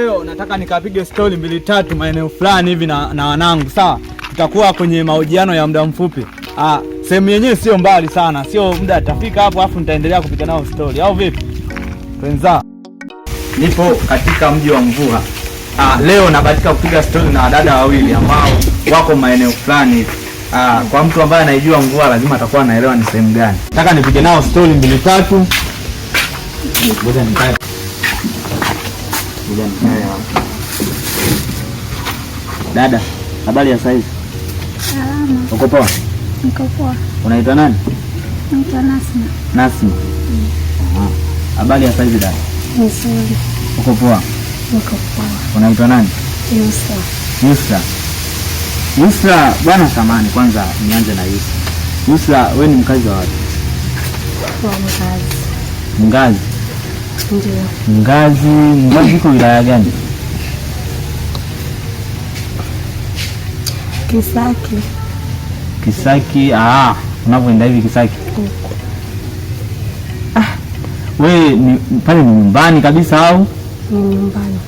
Leo nataka nikapige stori mbili tatu maeneo fulani hivi na, wanangu sawa. Tutakuwa kwenye mahojiano ya muda mfupi. Ah, sehemu yenyewe sio mbali sana, sio muda atafika hapo, afu nitaendelea kupiga nao stori au vipi? Wenza, Nipo katika mji wa Mvuha. Ah, leo nabatika kupiga stori na wadada wawili ambao wako maeneo fulani hivi. Ah, kwa mtu ambaye anaijua Mvuha lazima atakuwa anaelewa ni sehemu gani. Nataka nipige nao stori mbili tatu. Ngoja nikae. Dada, habari ya saizi? Salama. Uko poa? Niko poa. Unaitwa nani? Naitwa Nasma. Nasma. Habari ya saizi dada? Nzuri. Uko poa? Niko poa. Unaitwa nani? Yusra. Yusra. Yusra, bwana samani, kwanza nianze na Yusra. Yusra, wewe ni mkazi wa wapi? Kwa mkazi. Mkazi. Ngazi, Ngazi iko wilaya gani? Kisaki. Kisaki, ah, unavyoenda hivi Kisaki. Ah, wewe ni pale ni nyumbani kabisa au? Ni nyumbani.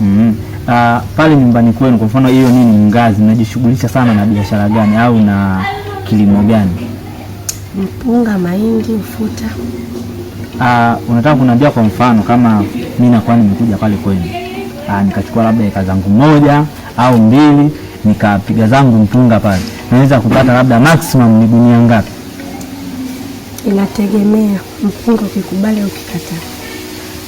Mm. Ah, pale nyumbani kwenu kwa mfano hiyo nini Ngazi najishughulisha sana na biashara gani au na kilimo gani? Mpunga, mahindi, ufuta. Uh, unataka kuniambia kwa mfano kama mimi nakuwa nimekuja pale kwenu uh, nikachukua labda eka zangu moja au mbili nikapiga zangu mtunga pale, naweza kupata labda maximum ni gunia ngapi? Inategemea mpunga, ukikubali ukikataa.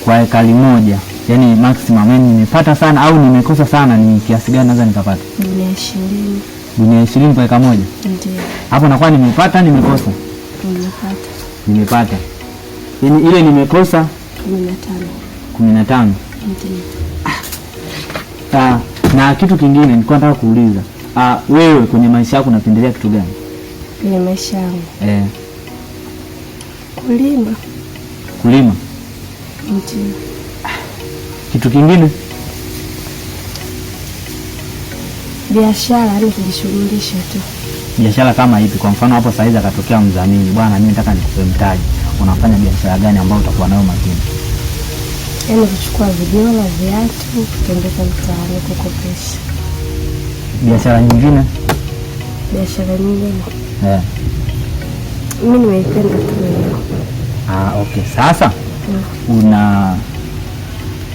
Kwa ekari moja, yani maximum, yani nimepata sana au nimekosa sana, ni kiasi gani naweza nikapata? Gunia ishirini. Gunia ishirini kwa eka moja? Ndio. Hapo nakuwa nimepata, nimekosa? Nimepata. Nimepata. Yaani ile nimekosa kumi na tano. Ah, na kitu kingine nilikuwa nataka kuuliza ah, wewe kwenye maisha yako unapendelea kitu gani? Kwenye maisha yangu eh, kulima. Kulima ndiyo. Kitu kingine biashara, yaani kujishughulisha tu. Biashara kama hivi Kwa mfano hapo saizi akatokea mzamini bwana, mimi nataka nikupe mtaji unafanya biashara gani ambayo utakuwa nayo makini? Yaani kuchukua video na viatu, kutembeza mtaani, kukopesha. Biashara nyingine? Biashara nyingine yeah. Mimi nimeipenda tu. Ah, okay. Sasa hmm, una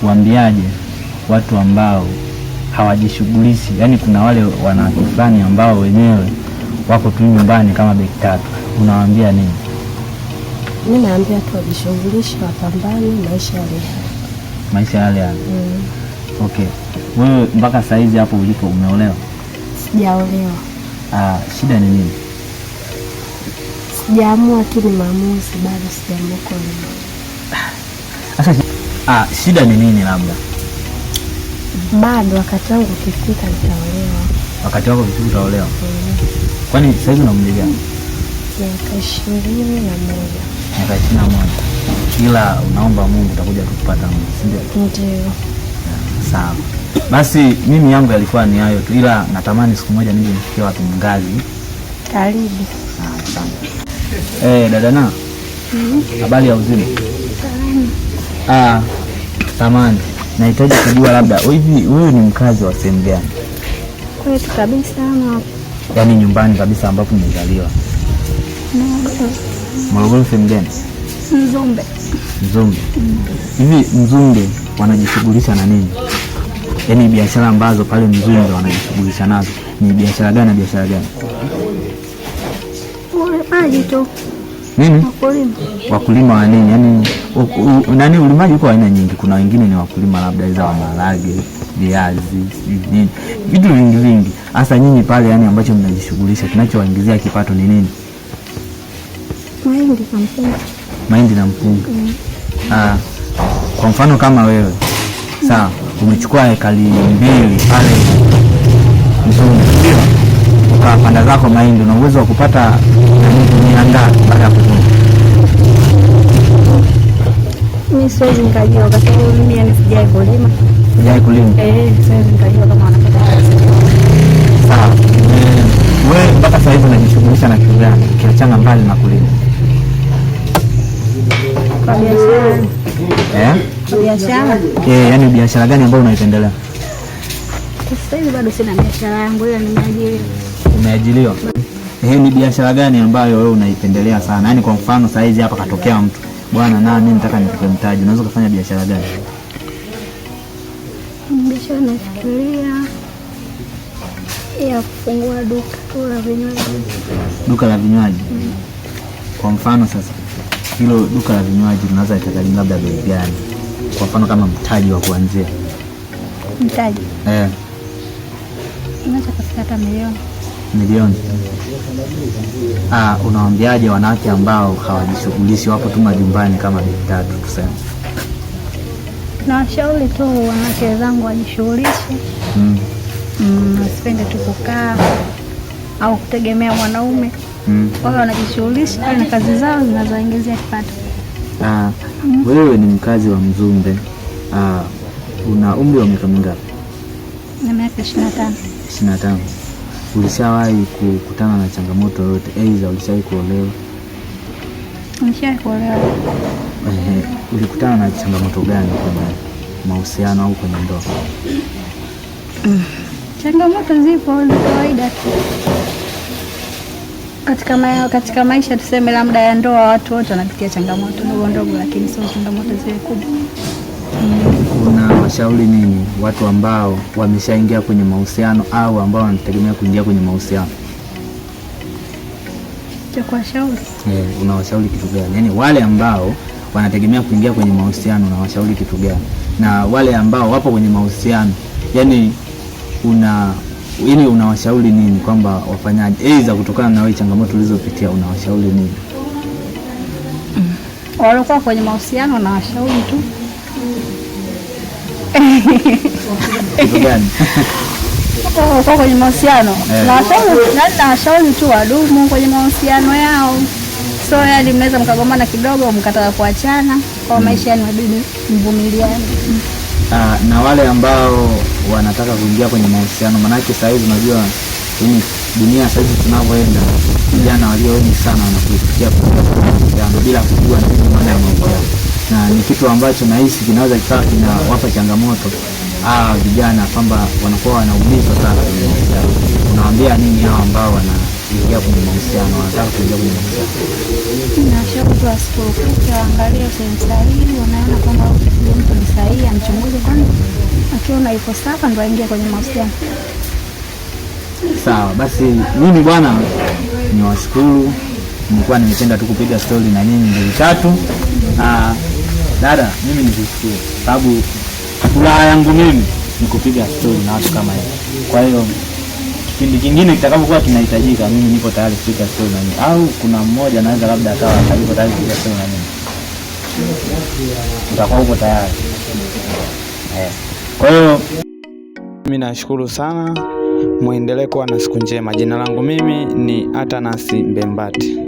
wambiaje watu ambao hawajishughulishi? Yaani kuna wale wanawake fulani ambao wenyewe wako tu nyumbani kama beki tatu, unawaambia nini? mi naambia tu wajishughulishe, wapambane maisha yale maisha yale yale. Mm. Okay, wewe mpaka saizi hapo ulipo umeolewa? Sijaolewa. Ah, shida ni nini? Sijaamua tu, ni maamuzi bado, sijaamua kuolewa. Sasa ah, shida ni nini? Labda bado wakati wangu ukifika nitaolewa. Wakati wako ukifika utaolewa? Mm. Kwani saizi una umri gani? Miaka ishirini na moja miaka ishirini na moja kila unaomba Mungu utakuja tukupata Mungu, si ndio? Ndio. Ah, sawa, basi mimi yangu yalikuwa ni hayo tu, ila natamani siku moja nije nifikie watu mngazi. Karibu. Ah, asante. Eh, dada na hmm? habari ya uzima. Ah, tamani nahitaji kujua labda hivi wewe ni mkazi wa sehemu gani? Kwetu kabisa ama yaani nyumbani kabisa ambapo nimezaliwa? Morogoro sehemu gani? Mzumbe. Mzumbe. Hivi Mzumbe wanajishughulisha na nini? Yaani biashara ambazo pale Mzumbe wanajishughulisha nazo ni biashara gani na biashara gani? Ulimaji tu. Nini? Wakulima. Wakulima wa nini? Yaani nani ulimaji uko aina nyingi. Kuna wengine ni wakulima labda za wa maharage, viazi, nini. Vitu vingi vingi. Hasa nyinyi pale yani ambacho mnajishughulisha kinachowaingizia kipato ni nini? mahindi na mpunga, mahindi na mpunga. Mm. Ah, kwa mfano kama wewe mm. sawa, umechukua ekari mbili pale Mzumbe, ndio ukapanda zako mahindi, una uwezo wa kupata gunia ngapi baada ya kuvuna? Mimi siwezi nikajua kwa sababu mimi yani sijai kulima, sijai kulima. Eh, eh, siwezi nikajua kama wanapata sawa. Wewe mpaka sasa hivi unajishughulisha na kitu gani, kiachana mbali na kulima? biashara eh, yani biashara gani ambayo unaipendelea? Sasa hivi bado sina ni biashara gani ambayo wewe unaipendelea sana? Yaani kwa mfano saa hizi hapa katokea mtu bwana, na mimi nataka nipike mtaji, unaweza kufanya biashara gani? Biashara nafikiria ya kufungua duka la vinywaji. Duka la vinywaji, mm. Kwa mfano sasa hilo duka la vinywaji linaweza likagharimu labda bei gani? Kwa mfano kama mtaji wa kuanzia mtaji eh, unaweza kufika hata milioni milioni. Ah, unawaambiaje wanawake ambao hawajishughulishi wapo tu majumbani kama bibi tatu tuseme? Na washauri tu wanawake wenzangu wajishughulishe, wasipende mm. mm, tu kukaa au kutegemea mwanaume mm. Wao wanajishughulisha na kazi zao zinazoingizia kipato. Ah, mm. Wewe ni mkazi wa Mzumbe. Ah, una umri wa miaka mingapi? Na miaka ishirini na tano. Ishirini na tano. Ulishawahi kukutana na changamoto yoyote? Aidha ulishawahi kuolewa? Nishawahi kuolewa. Eh, ulikutana na changamoto gani kwenye mahusiano au kwenye ndoa? Mm. Changamoto zipo, ni kawaida tu. Katika, ma katika maisha tuseme, labda ya ndoa, watu wote wanapitia changamoto ndogo ndogo, lakini sio changamoto zile kubwa. Kuna washauri nini watu ambao wameshaingia kwenye mahusiano au ambao wanategemea kuingia kwenye mahusiano? cha kuwashauri eh, unawashauri kitu gani? Yaani wale ambao wanategemea kuingia kwenye mahusiano unawashauri kitu gani? Na wale ambao wapo kwenye mahusiano, yaani una ili unawashauri nini kwamba wafanyaji aidha kutokana na wewe changamoto ulizopitia unawashauri nini? Mm. Waliokuwa kwenye mahusiano nawashauri tu kitu gani? Waliokuwa kwenye mahusiano eh. yaani nawashauri tu wadumu kwenye mahusiano yao, so yani mnaweza mkagombana kidogo mkataka kuachana kwa maisha, yani wabidi mvumiliane uh, na wale ambao wanataka kuingia kwenye mahusiano, maanake sahizi unajua unajua dunia sasa hivi tunavyoenda, vijana walio wengi sana wanakuifikia mahusiano bila kujua nini maana ya mahusiano, na ni kitu ambacho nahisi kinaweza kikaa kinawapa changamoto aa vijana, kwamba wanakuwa wanaumizwa sana kwenye mahusiano. Unawaambia nini hao ambao wana kuingia kwenye mahusiano, wanataka kuingia kwenye mahusiano. Nashauri wasipofika waangalie sehemu sahihi, wanaona kwamba mtu ni sahihi, amchunguze kwanza, akiona iko sawa ndo aingia kwenye mahusiano. Sawa basi, mimi bwana ni washukuru, nilikuwa nimependa tu kupiga stori na nyinyi mbili tatu. Na dada, mimi nikushukuru sababu furaha yangu mimi ni kupiga stori na watu kama hivi, kwa hiyo kipindi kingine kitakapokuwa kinahitajika, mimi nipo tayari kupiga stori na nini, au kuna mmoja anaweza labda akawa hayuko tayari kupiga stori na nini, utakuwa huko tayari. Eh. Kwa hiyo mimi nashukuru sana, mwendelee kuwa na siku njema. Jina langu mimi ni atanasi Mbembati.